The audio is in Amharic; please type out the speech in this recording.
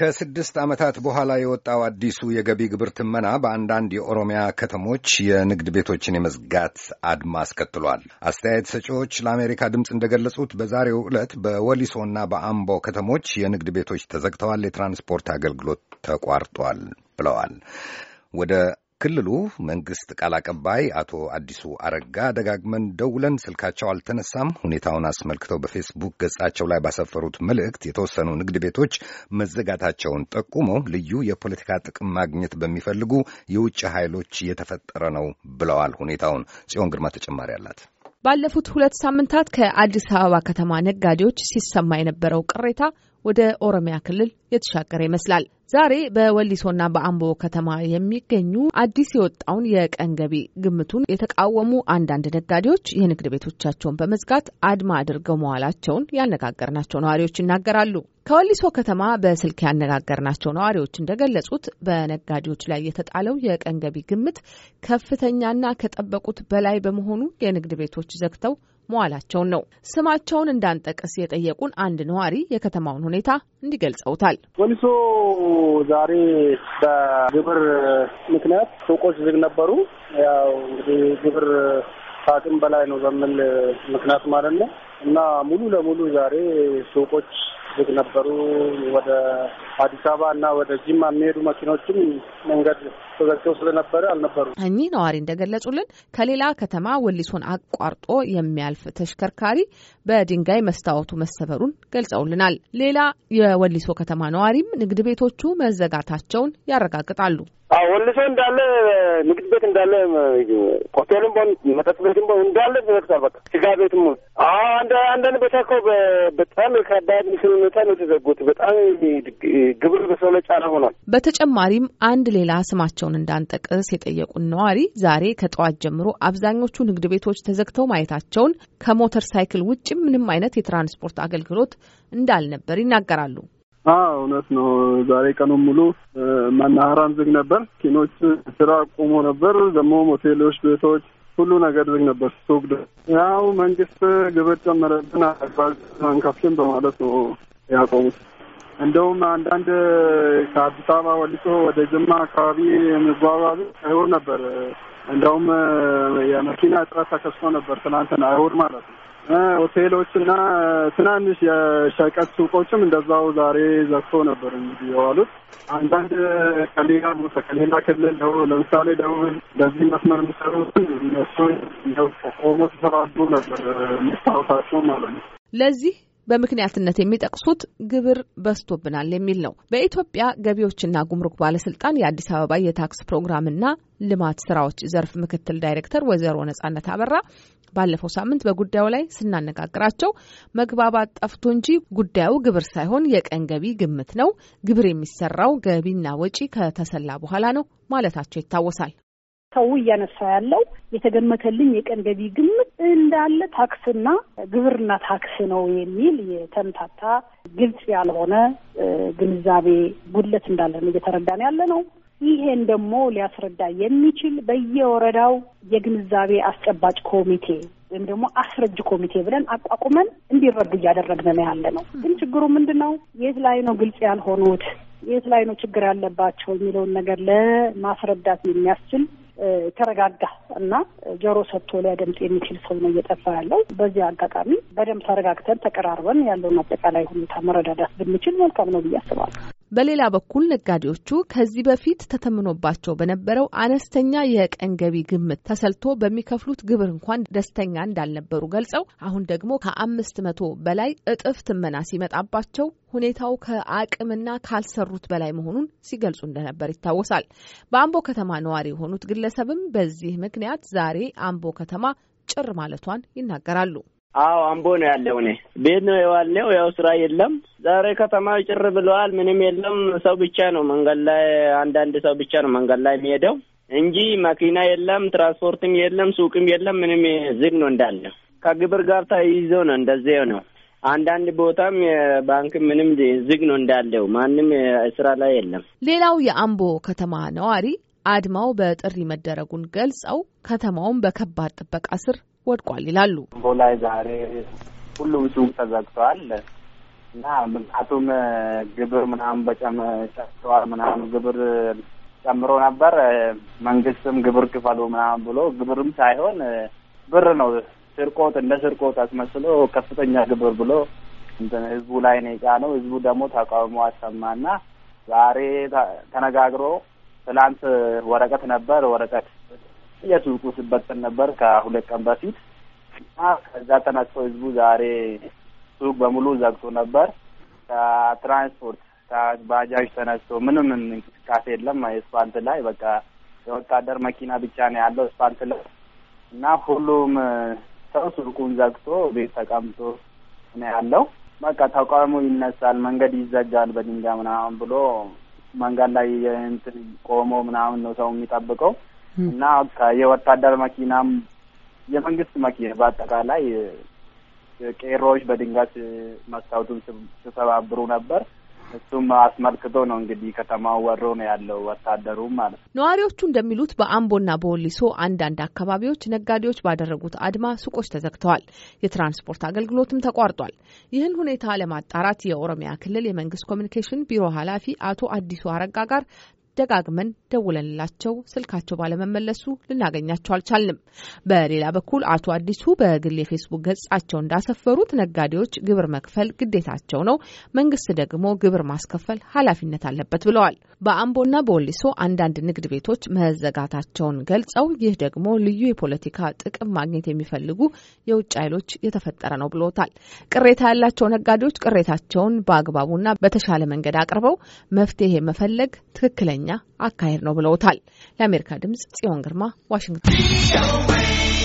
ከስድስት ዓመታት በኋላ የወጣው አዲሱ የገቢ ግብር ትመና በአንዳንድ የኦሮሚያ ከተሞች የንግድ ቤቶችን የመዝጋት አድማ አስከትሏል። አስተያየት ሰጪዎች ለአሜሪካ ድምፅ እንደገለጹት በዛሬው ዕለት በወሊሶና በአምቦ ከተሞች የንግድ ቤቶች ተዘግተዋል፣ የትራንስፖርት አገልግሎት ተቋርጧል ብለዋል። ወደ የክልሉ መንግስት ቃል አቀባይ አቶ አዲሱ አረጋ ደጋግመን ደውለን ስልካቸው አልተነሳም። ሁኔታውን አስመልክተው በፌስቡክ ገጻቸው ላይ ባሰፈሩት መልእክት የተወሰኑ ንግድ ቤቶች መዘጋታቸውን ጠቁመው ልዩ የፖለቲካ ጥቅም ማግኘት በሚፈልጉ የውጭ ኃይሎች የተፈጠረ ነው ብለዋል። ሁኔታውን ጽዮን ግርማ ተጨማሪ አላት። ባለፉት ሁለት ሳምንታት ከአዲስ አበባ ከተማ ነጋዴዎች ሲሰማ የነበረው ቅሬታ ወደ ኦሮሚያ ክልል የተሻገረ ይመስላል። ዛሬ በወሊሶና በአምቦ ከተማ የሚገኙ አዲስ የወጣውን የቀን ገቢ ግምቱን የተቃወሙ አንዳንድ ነጋዴዎች የንግድ ቤቶቻቸውን በመዝጋት አድማ አድርገው መዋላቸውን ያነጋገርናቸው ነዋሪዎች ይናገራሉ። ከወሊሶ ከተማ በስልክ ያነጋገርናቸው ነዋሪዎች እንደገለጹት በነጋዴዎች ላይ የተጣለው የቀን ገቢ ግምት ከፍተኛና ከጠበቁት በላይ በመሆኑ የንግድ ቤቶች ዘግተው መዋላቸውን ነው። ስማቸውን እንዳንጠቀስ የጠየቁን አንድ ነዋሪ የከተማውን ሁኔታ እንዲገልጸውታል። ወሊሶ ዛሬ በግብር ምክንያት ሱቆች ዝግ ነበሩ። ያው እንግዲህ ግብር ከአቅም በላይ ነው በሚል ምክንያት ማለት ነው እና ሙሉ ለሙሉ ዛሬ ሱቆች ዝግ ነበሩ። ወደ አዲስ አበባ እና ወደ ጅማ የሚሄዱ መኪኖችም መንገድ ተዘግተው ስለነበረ አልነበሩም። እኚህ ነዋሪ እንደገለጹልን ከሌላ ከተማ ወሊሶን አቋርጦ የሚያልፍ ተሽከርካሪ በድንጋይ መስታወቱ መሰበሩን ገልጸውልናል። ሌላ የወሊሶ ከተማ ነዋሪም ንግድ ቤቶቹ መዘጋታቸውን ያረጋግጣሉ። ወሊሶ እንዳለ ንግድ ቤት እንዳለ ሆቴልም ቦን መጠጥ ቤትም ቦን እንዳለ ተዘግቷል። በቃ ስጋ ቤትም ሆን አንዳንድ ቤታ እኮ በጣም ከባድ ምስል ሁኔታ ነው የተዘጉት። በጣም ግብር በሰው ላይ ጫና ሆኗል። በተጨማሪም አንድ ሌላ ስማቸው ስማቸውን እንዳንጠቅስ የጠየቁን ነዋሪ ዛሬ ከጠዋት ጀምሮ አብዛኞቹ ንግድ ቤቶች ተዘግተው ማየታቸውን ከሞተር ሳይክል ውጭ ምንም አይነት የትራንስፖርት አገልግሎት እንዳልነበር ይናገራሉ። እውነት ነው። ዛሬ ቀኑን ሙሉ መናኸራን ዝግ ነበር። ኪኖች ስራ ቆሞ ነበር። ደግሞ ሞቴሎች፣ ቤቶች ሁሉ ነገር ዝግ ነበር። ሱቅ ያው መንግስት ግብር ጨመረብን አባል አንከፍልም በማለት ነው ያቆሙት። እንደውም አንዳንድ ከአዲስ አበባ ወልሶ ወደ ጅማ አካባቢ የሚጓጓዙ አይሁድ ነበር። እንደውም የመኪና እጥረት ተከስቶ ነበር ትናንትና፣ አይሁድ ማለት ነው። ሆቴሎች እና ትናንሽ የሸቀት ሱቆችም እንደዛው ዛሬ ዘግቶ ነበር እንግዲህ የዋሉት። አንዳንድ ከሌላ ቦታ ከሌላ ክልል ለምሳሌ ደቡብ በዚህ መስመር የሚሰሩትን እነሱ ቆሞ ተሰባዱ ነበር፣ መስታወታቸው ማለት ነው ለዚህ በምክንያትነት የሚጠቅሱት ግብር በዝቶብናል የሚል ነው። በኢትዮጵያ ገቢዎችና ጉምሩክ ባለስልጣን የአዲስ አበባ የታክስ ፕሮግራምና ልማት ስራዎች ዘርፍ ምክትል ዳይሬክተር ወይዘሮ ነጻነት አበራ ባለፈው ሳምንት በጉዳዩ ላይ ስናነጋግራቸው መግባባት ጠፍቶ እንጂ ጉዳዩ ግብር ሳይሆን የቀን ገቢ ግምት ነው፣ ግብር የሚሰራው ገቢና ወጪ ከተሰላ በኋላ ነው ማለታቸው ይታወሳል። ሰው እያነሳ ያለው የተገመተልኝ የቀን ገቢ ግምት እንዳለ ታክስና ግብርና ታክስ ነው የሚል የተምታታ ግልጽ ያልሆነ ግንዛቤ ጉድለት እንዳለ ነው እየተረዳን ያለ ነው። ይሄን ደግሞ ሊያስረዳ የሚችል በየወረዳው የግንዛቤ አስጨባጭ ኮሚቴ ወይም ደግሞ አስረጅ ኮሚቴ ብለን አቋቁመን እንዲረዱ እያደረግን ነው ያለ ነው። ግን ችግሩ ምንድን ነው? የት ላይ ነው ግልጽ ያልሆኑት የት ላይ ነው ችግር ያለባቸው የሚለውን ነገር ለማስረዳት የሚያስችል ተረጋጋ እና ጆሮ ሰጥቶ ሊያደምጥ የሚችል ሰው ነው እየጠፋ ያለው። በዚህ አጋጣሚ በደንብ ተረጋግተን ተቀራርበን ያለውን አጠቃላይ ሁኔታ መረዳዳት ብንችል መልካም ነው ብዬ አስባለሁ። በሌላ በኩል ነጋዴዎቹ ከዚህ በፊት ተተምኖባቸው በነበረው አነስተኛ የቀን ገቢ ግምት ተሰልቶ በሚከፍሉት ግብር እንኳን ደስተኛ እንዳልነበሩ ገልጸው አሁን ደግሞ ከአምስት መቶ በላይ እጥፍ ትመና ሲመጣባቸው ሁኔታው ከአቅምና ካልሰሩት በላይ መሆኑን ሲገልጹ እንደነበር ይታወሳል። በአምቦ ከተማ ነዋሪ የሆኑት ግለሰብም በዚህ ምክንያት ዛሬ አምቦ ከተማ ጭር ማለቷን ይናገራሉ። አዎ አምቦ ነው ያለው። እኔ ቤት ነው የዋልነው። ያው ስራ የለም ዛሬ። ከተማ ጭር ብለዋል። ምንም የለም። ሰው ብቻ ነው መንገድ ላይ አንዳንድ ሰው ብቻ ነው መንገድ ላይ የሚሄደው እንጂ መኪና የለም፣ ትራንስፖርትም የለም፣ ሱቅም የለም። ምንም ዝግ ነው እንዳለ። ከግብር ጋር ተይዞ ነው እንደዚህ ነው። አንዳንድ ቦታም የባንክ ምንም ዝግ ነው እንዳለው። ማንም ስራ ላይ የለም። ሌላው የአምቦ ከተማ ነዋሪ አድማው በጥሪ መደረጉን ገልጸው ከተማውን በከባድ ጥበቃ ስር ወድቋል ይላሉ። ቦላይ ዛሬ ሁሉም ሱቅ ተዘግተዋል እና ምክንያቱም ግብር ምናምን በጨምረዋል ምናምን ግብር ጨምሮ ነበር። መንግስትም ግብር ክፈሉ ምናምን ብሎ ግብርም ሳይሆን ብር ነው ስርቆት እንደ ስርቆት አስመስሎ ከፍተኛ ግብር ብሎ ህዝቡ ላይ ነው የጫነው። ህዝቡ ደግሞ ተቃውሞ አሰማና ዛሬ ተነጋግሮ ትላንት ወረቀት ነበር ወረቀት የቱርቁ ስበጥን ነበር ከሁለት ቀን በፊት እና ከዛ ተነስቶ ህዝቡ ዛሬ ሱቅ በሙሉ ዘግቶ ነበር። ከትራንስፖርት ከባጃጅ ተነስቶ ምንም እንቅስቃሴ የለም። ስፓልት ላይ በቃ የወታደር መኪና ብቻ ነው ያለው ስፓልት ላይ እና ሁሉም ሰው ሱቁን ዘግቶ ቤት ተቀምጦ ነው ያለው። በቃ ተቃውሞ ይነሳል፣ መንገድ ይዘጋል በድንጋይ ምናምን ብሎ መንገድ ላይ እንትን ቆሞ ምናምን ነው ሰው የሚጠብቀው። እና የወታደር መኪናም የመንግስት መኪና በአጠቃላይ ቄሮዎች በድንጋይ መስታወቱን ሲሰባብሩ ነበር። እሱም አስመልክቶ ነው እንግዲህ ከተማው ወሮ ነው ያለው ወታደሩ ማለት ነው። ነዋሪዎቹ እንደሚሉት በአምቦና በወሊሶ አንዳንድ አካባቢዎች ነጋዴዎች ባደረጉት አድማ ሱቆች ተዘግተዋል፣ የትራንስፖርት አገልግሎትም ተቋርጧል። ይህን ሁኔታ ለማጣራት የኦሮሚያ ክልል የመንግስት ኮሚኒኬሽን ቢሮ ኃላፊ አቶ አዲሱ አረጋ ጋር ደጋግመን ደውለንላቸው ስልካቸው ባለመመለሱ ልናገኛቸው አልቻልንም። በሌላ በኩል አቶ አዲሱ በግል የፌስቡክ ገጻቸው እንዳሰፈሩት ነጋዴዎች ግብር መክፈል ግዴታቸው ነው፣ መንግስት ደግሞ ግብር ማስከፈል ኃላፊነት አለበት ብለዋል። በአምቦና በወሊሶ አንዳንድ ንግድ ቤቶች መዘጋታቸውን ገልጸው ይህ ደግሞ ልዩ የፖለቲካ ጥቅም ማግኘት የሚፈልጉ የውጭ ኃይሎች የተፈጠረ ነው ብሎታል። ቅሬታ ያላቸው ነጋዴዎች ቅሬታቸውን በአግባቡና በተሻለ መንገድ አቅርበው መፍትሄ መፈለግ ትክክለኛ ትክክለኛ አካሄድ ነው ብለውታል። ለአሜሪካ ድምጽ ጽዮን ግርማ ዋሽንግተን